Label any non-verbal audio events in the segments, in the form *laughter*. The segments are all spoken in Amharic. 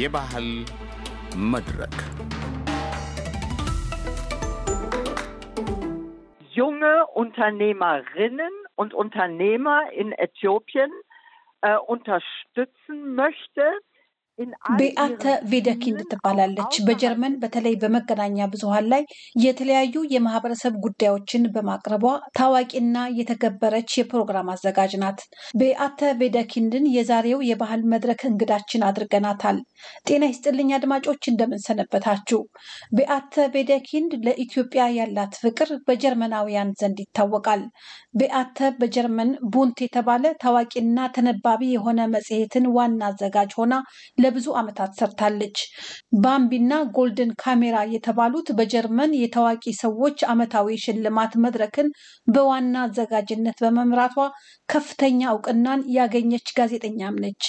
የባህል መድረክ junge Unternehmerinnen und Unternehmer in Äthiopien äh, unterstützen möchte, ቤአተ ቬደኪንድ ትባላለች። በጀርመን በተለይ በመገናኛ ብዙሃን ላይ የተለያዩ የማህበረሰብ ጉዳዮችን በማቅረቧ ታዋቂና የተገበረች የፕሮግራም አዘጋጅ ናት። ቤአተ ቬደኪንድን የዛሬው የባህል መድረክ እንግዳችን አድርገናታል። ጤና ይስጥልኝ አድማጮች፣ እንደምንሰነበታችሁ። ቤአተ ቬደኪንድ ለኢትዮጵያ ያላት ፍቅር በጀርመናውያን ዘንድ ይታወቃል። ቤአተ በጀርመን ቡንት የተባለ ታዋቂና ተነባቢ የሆነ መጽሔትን ዋና አዘጋጅ ሆና ለብዙ ዓመታት ሰርታለች። ባምቢና ጎልደን ካሜራ የተባሉት በጀርመን የታዋቂ ሰዎች ዓመታዊ ሽልማት መድረክን በዋና አዘጋጅነት በመምራቷ ከፍተኛ እውቅናን ያገኘች ጋዜጠኛም ነች።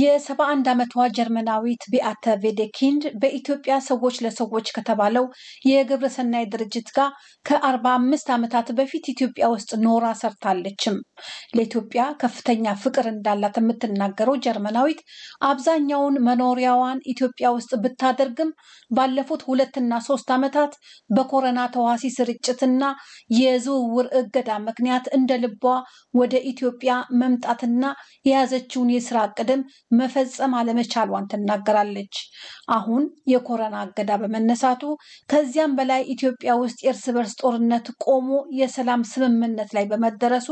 የ71 ዓመቷ ጀርመናዊት ቢአተ ቬዴኪንድ በኢትዮጵያ ሰዎች ለሰዎች ከተባለው የግብረሰናይ ድርጅት ጋር ከ45 ዓመታት በፊት ኢትዮጵያ ውስጥ ኖራ ሰርታለችም። ለኢትዮጵያ ከፍተኛ ፍቅር እንዳላት የምትናገረው ጀርመናዊት አብዛኛውን መኖሪያዋን ኢትዮጵያ ውስጥ ብታደርግም ባለፉት ሁለትና ሶስት ዓመታት በኮረና ተዋሲ ስርጭትና የዝውውር እገዳ ምክንያት እንደ ልቧ ወደ ኢትዮጵያ መምጣትና የያዘችውን የስራ ቅድም መፈጸም አለመቻሏን ትናገራለች። አሁን የኮረና እገዳ በመነሳቱ ከዚያም በላይ ኢትዮጵያ ውስጥ የእርስ በርስ ጦርነት ቆሞ የሰላም ስምምነት ላይ በመደረሱ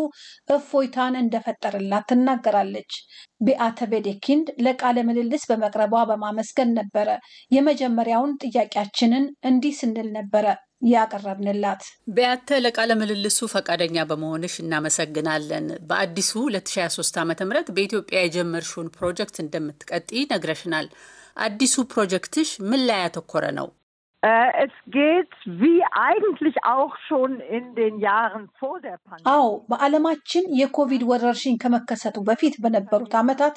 እፎይታን እንደፈጠረላት ትናገራለች። ቤአተ ቤዴኪንድ ለቃለ ምልልስ በመቅረቧ በማመስገን ነበረ። የመጀመሪያውን ጥያቄያችንን እንዲህ ስንል ነበረ ያቀረብንላት። በያተ ለቃለ ምልልሱ ፈቃደኛ በመሆንሽ እናመሰግናለን። በአዲሱ 2023 ዓ ም በኢትዮጵያ የጀመርሽውን ፕሮጀክት እንደምትቀጥይ ነግረሽናል። አዲሱ ፕሮጀክትሽ ምን ላይ ያተኮረ ነው? Äh, es geht wie eigentlich auch schon in den Jahren vor der Pandemie. አዎ በዓለማችን የኮቪድ ወረርሽኝ ከመከሰቱ በፊት በነበሩት ዓመታት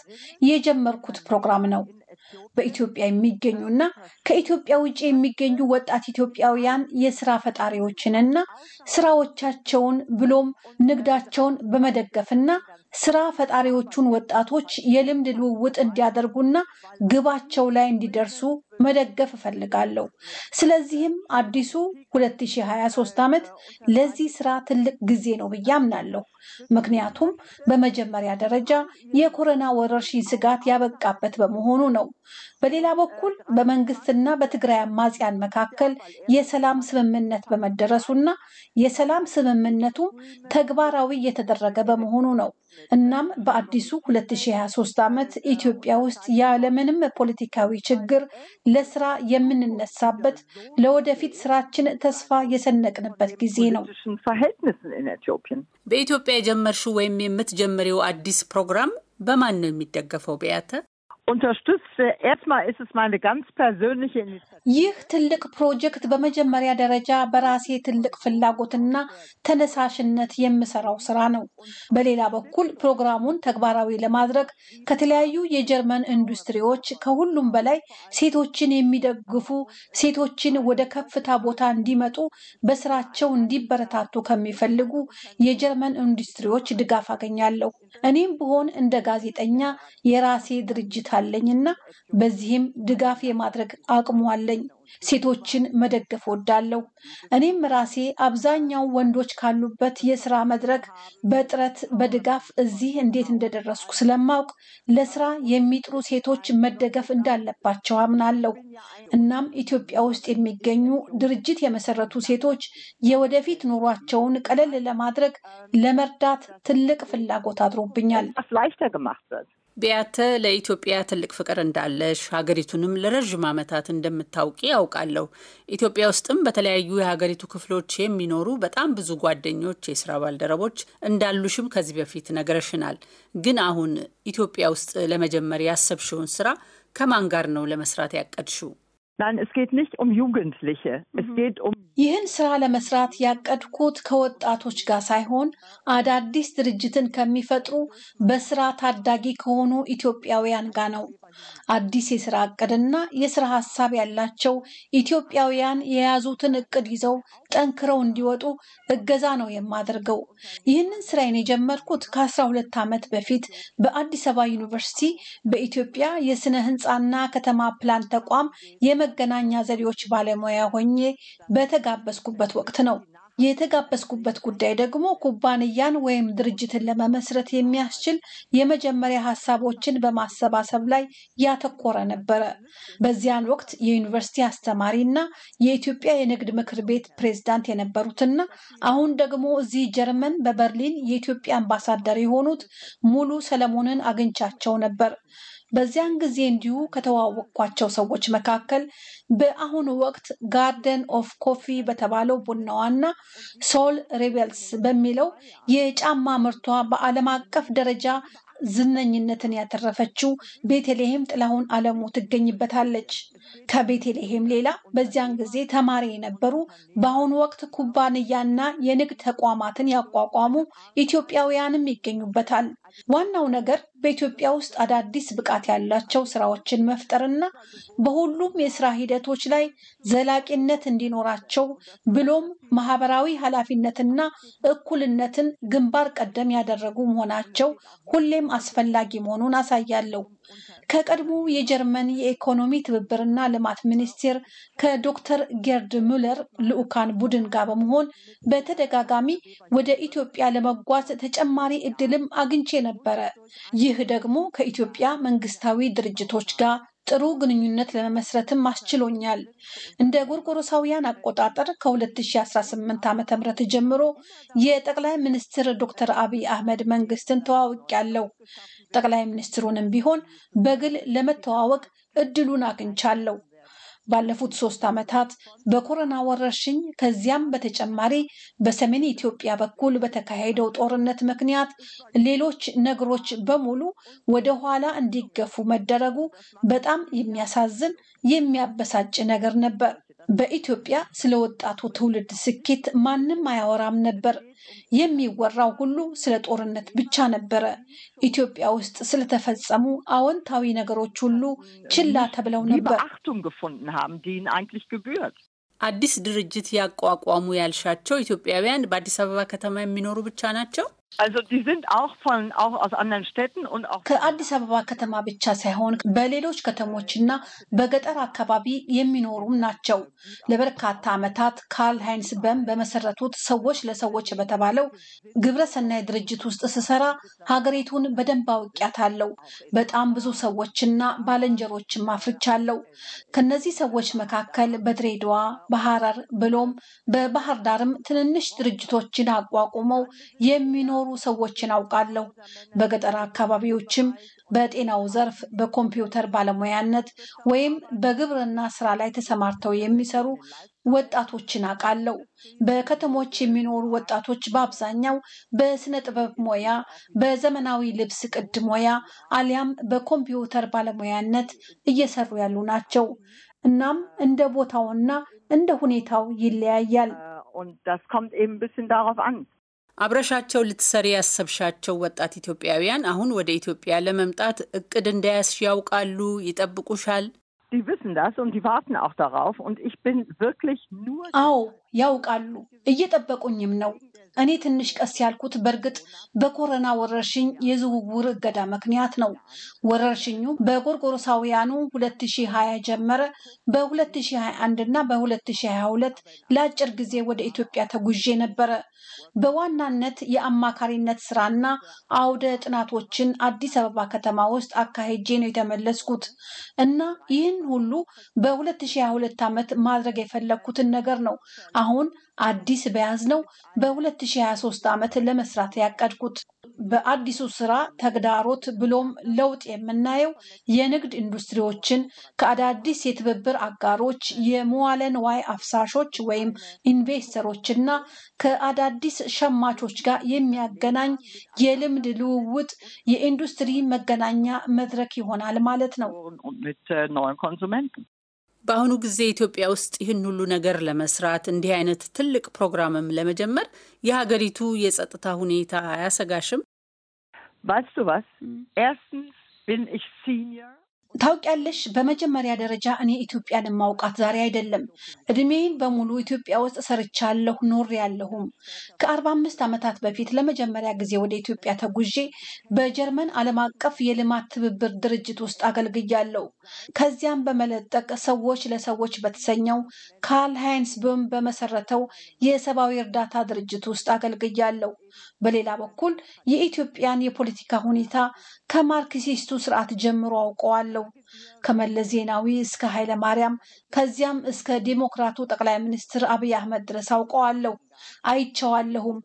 የጀመርኩት ፕሮግራም ነው። በኢትዮጵያ የሚገኙና ከኢትዮጵያ ውጭ የሚገኙ ወጣት ኢትዮጵያውያን የስራ ፈጣሪዎችንና ስራዎቻቸውን ብሎም ንግዳቸውን በመደገፍና ስራ ፈጣሪዎቹን ወጣቶች የልምድ ልውውጥ እንዲያደርጉና ግባቸው ላይ እንዲደርሱ መደገፍ እፈልጋለሁ። ስለዚህም አዲሱ 2023 ዓመት ለዚህ ስራ ትልቅ ጊዜ ነው ብዬ አምናለሁ። ምክንያቱም በመጀመሪያ ደረጃ የኮሮና ወረርሽኝ ስጋት ያበቃበት በመሆኑ ነው። በሌላ በኩል በመንግስትና በትግራይ አማጽያን መካከል የሰላም ስምምነት በመደረሱና የሰላም ስምምነቱ ተግባራዊ እየተደረገ በመሆኑ ነው። እናም በአዲሱ 2023 ዓመት ኢትዮጵያ ውስጥ ያለምንም ፖለቲካዊ ችግር ለስራ የምንነሳበት ለወደፊት ስራችን ተስፋ የሰነቅንበት ጊዜ ነው። በኢትዮጵያ የጀመርሽው ወይም የምትጀምሪው አዲስ ፕሮግራም በማን ነው የሚደገፈው? ቢያተ ይህ ትልቅ ፕሮጀክት በመጀመሪያ ደረጃ በራሴ ትልቅ ፍላጎትና ተነሳሽነት የምሰራው ስራ ነው። በሌላ በኩል ፕሮግራሙን ተግባራዊ ለማድረግ ከተለያዩ የጀርመን ኢንዱስትሪዎች ከሁሉም በላይ ሴቶችን የሚደግፉ ሴቶችን ወደ ከፍታ ቦታ እንዲመጡ በስራቸው እንዲበረታቱ ከሚፈልጉ የጀርመን ኢንዱስትሪዎች ድጋፍ አገኛለሁ። እኔም ብሆን እንደ ጋዜጠኛ የራሴ ድርጅት አለኝና በዚህም ድጋፍ የማድረግ አቅሙ አለኝ። ሴቶችን መደገፍ ወዳለሁ። እኔም ራሴ አብዛኛው ወንዶች ካሉበት የስራ መድረክ በጥረት በድጋፍ እዚህ እንዴት እንደደረስኩ ስለማውቅ ለስራ የሚጥሩ ሴቶች መደገፍ እንዳለባቸው አምናለሁ። እናም ኢትዮጵያ ውስጥ የሚገኙ ድርጅት የመሰረቱ ሴቶች የወደፊት ኑሯቸውን ቀለል ለማድረግ ለመርዳት ትልቅ ፍላጎት አድሮብኛል። ቢያተ ለኢትዮጵያ ትልቅ ፍቅር እንዳለሽ ሀገሪቱንም ለረዥም ዓመታት እንደምታውቂ ያውቃለሁ። ኢትዮጵያ ውስጥም በተለያዩ የሀገሪቱ ክፍሎች የሚኖሩ በጣም ብዙ ጓደኞች፣ የስራ ባልደረቦች እንዳሉሽም ከዚህ በፊት ነግረሽናል። ግን አሁን ኢትዮጵያ ውስጥ ለመጀመር ያሰብሽውን ስራ ከማን ጋር ነው ለመስራት ያቀድሽው? Nein, es geht nicht um Jugendliche. Es mhm. geht um ይህን ስራ ለመስራት ያቀድኩት ከወጣቶች ጋር ሳይሆን አዳዲስ ድርጅትን ከሚፈጥሩ በስራ ታዳጊ ከሆኑ ኢትዮጵያውያን ጋር ነው። አዲስ የስራ እቅድና የስራ ሀሳብ ያላቸው ኢትዮጵያውያን የያዙትን እቅድ ይዘው ጠንክረው እንዲወጡ እገዛ ነው የማደርገው። ይህንን ስራዬን የጀመርኩት ከአስራ ሁለት ዓመት በፊት በአዲስ አበባ ዩኒቨርሲቲ በኢትዮጵያ የስነ ህንፃና ከተማ ፕላን ተቋም የመገናኛ ዘዴዎች ባለሙያ ሆኜ በተጋበዝኩበት ወቅት ነው። የተጋበዝኩበት ጉዳይ ደግሞ ኩባንያን ወይም ድርጅትን ለመመስረት የሚያስችል የመጀመሪያ ሀሳቦችን በማሰባሰብ ላይ ያተኮረ ነበረ። በዚያን ወቅት የዩኒቨርሲቲ አስተማሪ እና የኢትዮጵያ የንግድ ምክር ቤት ፕሬዝዳንት የነበሩትና አሁን ደግሞ እዚህ ጀርመን በበርሊን የኢትዮጵያ አምባሳደር የሆኑት ሙሉ ሰለሞንን አግኝቻቸው ነበር። በዚያን ጊዜ እንዲሁ ከተዋወቅኳቸው ሰዎች መካከል በአሁኑ ወቅት ጋርደን ኦፍ ኮፊ በተባለው ቡናዋና ሶል ሪቤልስ በሚለው የጫማ ምርቷ በዓለም አቀፍ ደረጃ ዝነኝነትን ያተረፈችው ቤተልሔም ጥላሁን አለሙ ትገኝበታለች። ከቤተልሔም ሌላ በዚያን ጊዜ ተማሪ የነበሩ በአሁኑ ወቅት ኩባንያና የንግድ ተቋማትን ያቋቋሙ ኢትዮጵያውያንም ይገኙበታል። ዋናው ነገር በኢትዮጵያ ውስጥ አዳዲስ ብቃት ያላቸው ስራዎችን መፍጠርና በሁሉም የስራ ሂደቶች ላይ ዘላቂነት እንዲኖራቸው ብሎም ማህበራዊ ኃላፊነትና እኩልነትን ግንባር ቀደም ያደረጉ መሆናቸው ሁሌም አስፈላጊ መሆኑን አሳያለሁ። ከቀድሞ የጀርመን የኢኮኖሚ ትብብርና ልማት ሚኒስቴር ከዶክተር ጌርድ ሙለር ልዑካን ቡድን ጋር በመሆን በተደጋጋሚ ወደ ኢትዮጵያ ለመጓዝ ተጨማሪ እድልም አግኝቼ ነበረ። ይህ ደግሞ ከኢትዮጵያ መንግስታዊ ድርጅቶች ጋር ጥሩ ግንኙነት ለመመስረትም አስችሎኛል። እንደ ጎርጎሮሳውያን አቆጣጠር ከ2018 ዓ ም ጀምሮ የጠቅላይ ሚኒስትር ዶክተር አብይ አህመድ መንግስትን ተዋውቅ ያለው ጠቅላይ ሚኒስትሩንም ቢሆን በግል ለመተዋወቅ እድሉን አግኝቻለሁ። ባለፉት ሶስት ዓመታት በኮሮና ወረርሽኝ ከዚያም በተጨማሪ በሰሜን ኢትዮጵያ በኩል በተካሄደው ጦርነት ምክንያት ሌሎች ነገሮች በሙሉ ወደ ኋላ እንዲገፉ መደረጉ በጣም የሚያሳዝን የሚያበሳጭ ነገር ነበር። በኢትዮጵያ ስለ ወጣቱ ትውልድ ስኬት ማንም አያወራም ነበር። የሚወራው ሁሉ ስለ ጦርነት ብቻ ነበረ። ኢትዮጵያ ውስጥ ስለተፈጸሙ አዎንታዊ ነገሮች ሁሉ ችላ ተብለው ነበር። አዲስ ድርጅት ያቋቋሙ ያልሻቸው ኢትዮጵያውያን በአዲስ አበባ ከተማ የሚኖሩ ብቻ ናቸው? ከአዲስ አበባ ከተማ ብቻ ሳይሆን በሌሎች ከተሞችና በገጠር አካባቢ የሚኖሩም ናቸው። ለበርካታ ዓመታት ካርል ሃይንስ በም በመሰረቱት ሰዎች ለሰዎች በተባለው ግብረሰናይ ድርጅት ውስጥ ስሰራ ሀገሪቱን በደንብ አውቂያታለሁ። በጣም ብዙ ሰዎችና ባለንጀሮችም አፍርቻለሁ። ከነዚህ ሰዎች መካከል በድሬዳዋ፣ በሐረር ብሎም በባህር ዳርም ትንንሽ ድርጅቶችን አቋቁመው የሚኖሩ የሚያኖሩ ሰዎችን አውቃለሁ። በገጠር አካባቢዎችም በጤናው ዘርፍ በኮምፒውተር ባለሙያነት ወይም በግብርና ስራ ላይ ተሰማርተው የሚሰሩ ወጣቶችን አውቃለሁ። በከተሞች የሚኖሩ ወጣቶች በአብዛኛው በስነ ጥበብ ሞያ፣ በዘመናዊ ልብስ ቅድ ሞያ አሊያም በኮምፒውተር ባለሙያነት እየሰሩ ያሉ ናቸው። እናም እንደ ቦታውና እንደ ሁኔታው ይለያያል። uh, አብረሻቸው ልትሰሪ ያሰብሻቸው ወጣት ኢትዮጵያውያን አሁን ወደ ኢትዮጵያ ለመምጣት እቅድ እንዳያስ ያውቃሉ? ይጠብቁሻል? አዎ ያውቃሉ፣ እየጠበቁኝም ነው። እኔ ትንሽ ቀስ ያልኩት በእርግጥ በኮሮና ወረርሽኝ የዝውውር እገዳ ምክንያት ነው። ወረርሽኙ በጎርጎሮሳውያኑ 2020 ጀመረ። በ2021 እና በ2022 ለአጭር ጊዜ ወደ ኢትዮጵያ ተጉዤ ነበረ። በዋናነት የአማካሪነት ስራና አውደ ጥናቶችን አዲስ አበባ ከተማ ውስጥ አካሄጄ ነው የተመለስኩት እና ይህን ሁሉ በ2022 ዓመት ማድረግ የፈለግኩትን ነገር ነው አሁን አዲስ በያዝነው በ2023 ዓመት ለመስራት ያቀድኩት በአዲሱ ስራ ተግዳሮት ብሎም ለውጥ የምናየው የንግድ ኢንዱስትሪዎችን ከአዳዲስ የትብብር አጋሮች የመዋለ ንዋይ አፍሳሾች ወይም እና ከአዳዲስ ሸማቾች ጋር የሚያገናኝ የልምድ ልውውጥ የኢንዱስትሪ መገናኛ መድረክ ይሆናል ማለት ነው። በአሁኑ ጊዜ ኢትዮጵያ ውስጥ ይህን ሁሉ ነገር ለመስራት እንዲህ አይነት ትልቅ ፕሮግራምም ለመጀመር የሀገሪቱ የጸጥታ ሁኔታ አያሰጋሽም? ባስቱ ባስ ኤርስትንስ ቢን ሲኒየር ታውቂያለሽ፣ በመጀመሪያ ደረጃ እኔ ኢትዮጵያን ማውቃት ዛሬ አይደለም። እድሜን በሙሉ ኢትዮጵያ ውስጥ ሰርቻለሁ ያለሁም ከአርባ አምስት ዓመታት በፊት ለመጀመሪያ ጊዜ ወደ ኢትዮጵያ ተጉዤ በጀርመን ዓለም አቀፍ የልማት ትብብር ድርጅት ውስጥ አገልግያለሁ። ከዚያም በመለጠቅ ሰዎች ለሰዎች በተሰኘው ካርል ሃይንስ ብም በመሰረተው የሰብአዊ እርዳታ ድርጅት ውስጥ አገልግያለሁ። በሌላ በኩል የኢትዮጵያን የፖለቲካ ሁኔታ ከማርክሲስቱ ስርዓት ጀምሮ አውቀዋለሁ። ከመለስ ዜናዊ እስከ ኃይለ ማርያም ከዚያም እስከ ዴሞክራቱ ጠቅላይ ሚኒስትር አብይ አህመድ ድረስ አውቀዋለሁ፣ አይቸዋለሁም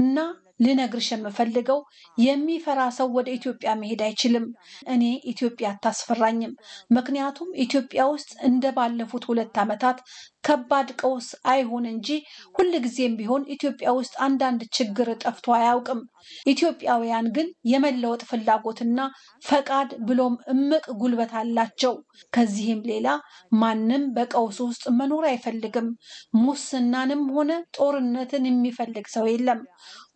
እና ልነግርሽ የምፈልገው የሚፈራ ሰው ወደ ኢትዮጵያ መሄድ አይችልም። እኔ ኢትዮጵያ አታስፈራኝም። ምክንያቱም ኢትዮጵያ ውስጥ እንደ ባለፉት ሁለት ዓመታት ከባድ ቀውስ አይሆን እንጂ ጊዜም ቢሆን ኢትዮጵያ ውስጥ አንዳንድ ችግር ጠፍቶ አያውቅም። ኢትዮጵያውያን ግን የመለወጥ ፍላጎትና ፈቃድ ብሎም እምቅ ጉልበት አላቸው። ከዚህም ሌላ ማንም በቀውስ ውስጥ መኖር አይፈልግም። ሙስናንም ሆነ ጦርነትን የሚፈልግ ሰው የለም።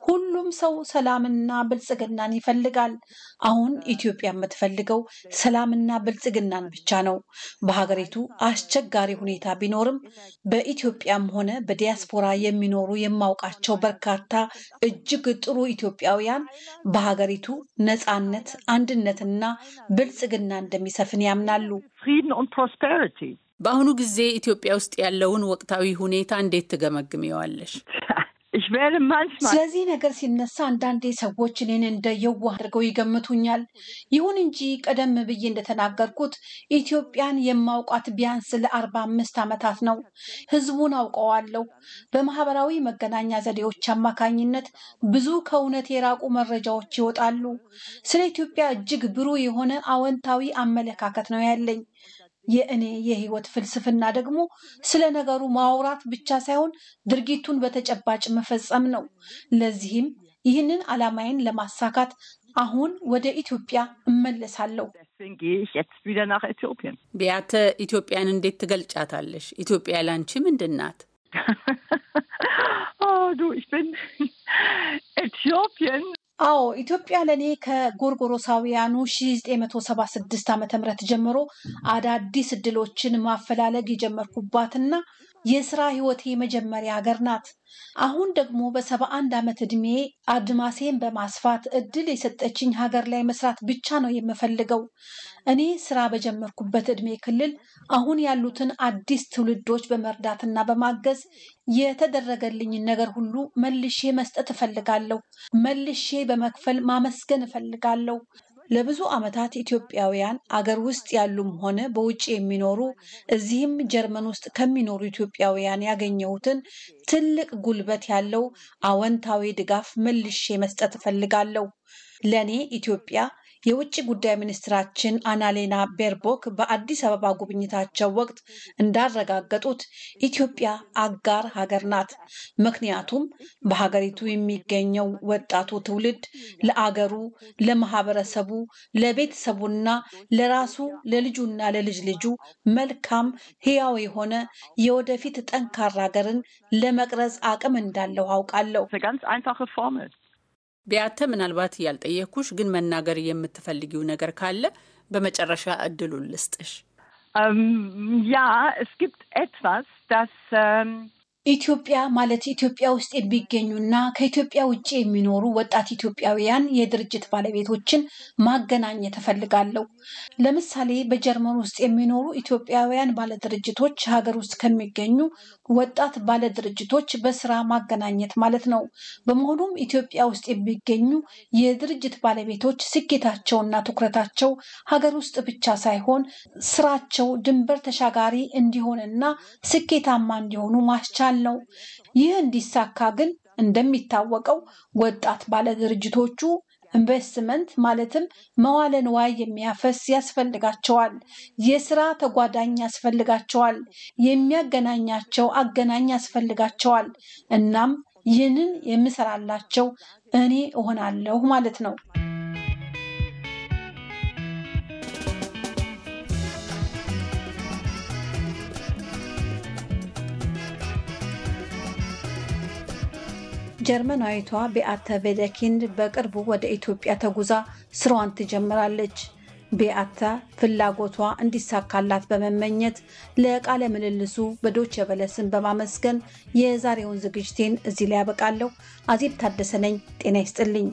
ሁሉም ሰው ሰላምና ብልጽግናን ይፈልጋል። አሁን ኢትዮጵያ የምትፈልገው ሰላምና ብልጽግናን ብቻ ነው። በሀገሪቱ አስቸጋሪ ሁኔታ ቢኖርም በኢትዮጵያም ሆነ በዲያስፖራ የሚኖሩ የማውቃቸው በርካታ እጅግ ጥሩ ኢትዮጵያውያን በሀገሪቱ ነፃነት፣ አንድነትና ብልጽግና እንደሚሰፍን ያምናሉ። በአሁኑ ጊዜ ኢትዮጵያ ውስጥ ያለውን ወቅታዊ ሁኔታ እንዴት ትገመግሚዋለሽ? *laughs* ich በል manchmal ስለዚህ ነገር ሲነሳ አንዳንዴ ሰዎች እኔን እንደ የዋህ አድርገው ይገምቱኛል። ይሁን እንጂ ቀደም ብዬ እንደተናገርኩት ኢትዮጵያን የማውቃት ቢያንስ ለአርባ አምስት ዓመታት ነው። ህዝቡን አውቀዋለሁ። በማህበራዊ መገናኛ ዘዴዎች አማካኝነት ብዙ ከእውነት የራቁ መረጃዎች ይወጣሉ። ስለ ኢትዮጵያ እጅግ ብሩህ የሆነ አወንታዊ አመለካከት ነው ያለኝ። የእኔ የህይወት ፍልስፍና ደግሞ ስለ ነገሩ ማውራት ብቻ ሳይሆን ድርጊቱን በተጨባጭ መፈጸም ነው። ለዚህም ይህንን ዓላማዬን ለማሳካት አሁን ወደ ኢትዮጵያ እመለሳለሁ። ቢያተ፣ ኢትዮጵያን እንዴት ትገልጫታለሽ? ኢትዮጵያ ላንቺ ምንድን ናት? *laughs* Oh, ኢትዮጵያ ለእኔ ከጎርጎሮሳውያኑ 1976 ዓ ም ጀምሮ አዳዲስ እድሎችን ማፈላለግ የጀመርኩባትና የስራ ህይወቴ መጀመሪያ ሀገር ናት። አሁን ደግሞ በሰባ አንድ ዓመት ዕድሜ አድማሴን በማስፋት እድል የሰጠችኝ ሀገር ላይ መስራት ብቻ ነው የምፈልገው። እኔ ስራ በጀመርኩበት ዕድሜ ክልል አሁን ያሉትን አዲስ ትውልዶች በመርዳትና በማገዝ የተደረገልኝን ነገር ሁሉ መልሼ መስጠት እፈልጋለሁ። መልሼ በመክፈል ማመስገን እፈልጋለሁ። ለብዙ ዓመታት ኢትዮጵያውያን አገር ውስጥ ያሉም ሆነ በውጭ የሚኖሩ እዚህም ጀርመን ውስጥ ከሚኖሩ ኢትዮጵያውያን ያገኘሁትን ትልቅ ጉልበት ያለው አወንታዊ ድጋፍ መልሼ መስጠት እፈልጋለሁ። ለእኔ ኢትዮጵያ የውጭ ጉዳይ ሚኒስትራችን አናሌና ቤርቦክ በአዲስ አበባ ጉብኝታቸው ወቅት እንዳረጋገጡት ኢትዮጵያ አጋር ሀገር ናት። ምክንያቱም በሀገሪቱ የሚገኘው ወጣቱ ትውልድ ለአገሩ፣ ለማህበረሰቡ፣ ለቤተሰቡና ለራሱ ለልጁና ለልጅ ልጁ መልካም ሕያው የሆነ የወደፊት ጠንካራ ሀገርን ለመቅረጽ አቅም እንዳለው አውቃለሁ። ቢያተ፣ ምናልባት ያልጠየኩሽ ግን መናገር የምትፈልጊው ነገር ካለ በመጨረሻ እድሉን ልስጥሽ። ያ um, es gibt etwas, ähm, ኢትዮጵያ ማለት ኢትዮጵያ ውስጥ የሚገኙና ከኢትዮጵያ ውጭ የሚኖሩ ወጣት ኢትዮጵያውያን የድርጅት ባለቤቶችን ማገናኘት እፈልጋለሁ። ለምሳሌ በጀርመን ውስጥ የሚኖሩ ኢትዮጵያውያን ባለድርጅቶች ሀገር ውስጥ ከሚገኙ ወጣት ባለድርጅቶች በስራ ማገናኘት ማለት ነው። በመሆኑም ኢትዮጵያ ውስጥ የሚገኙ የድርጅት ባለቤቶች ስኬታቸውና ትኩረታቸው ሀገር ውስጥ ብቻ ሳይሆን ስራቸው ድንበር ተሻጋሪ እንዲሆንና ስኬታማ እንዲሆኑ ማስቻል አለው። ይህ እንዲሳካ ግን እንደሚታወቀው ወጣት ባለድርጅቶቹ ኢንቨስትመንት ማለትም መዋለ ንዋይ የሚያፈስ ያስፈልጋቸዋል። የስራ ተጓዳኝ ያስፈልጋቸዋል። የሚያገናኛቸው አገናኝ ያስፈልጋቸዋል። እናም ይህንን የምሰራላቸው እኔ እሆናለሁ ማለት ነው። ጀርመናዊቷ ቤአተ ቬደኪንድ በቅርቡ ወደ ኢትዮጵያ ተጉዛ ስራዋን ትጀምራለች። ቤአተ ፍላጎቷ እንዲሳካላት በመመኘት ለቃለ ምልልሱ በዶቼ ቬለ ስም በማመስገን የዛሬውን ዝግጅቴን እዚህ ላይ ያበቃለሁ። አዜብ ታደሰ ነኝ። ጤና ይስጥልኝ።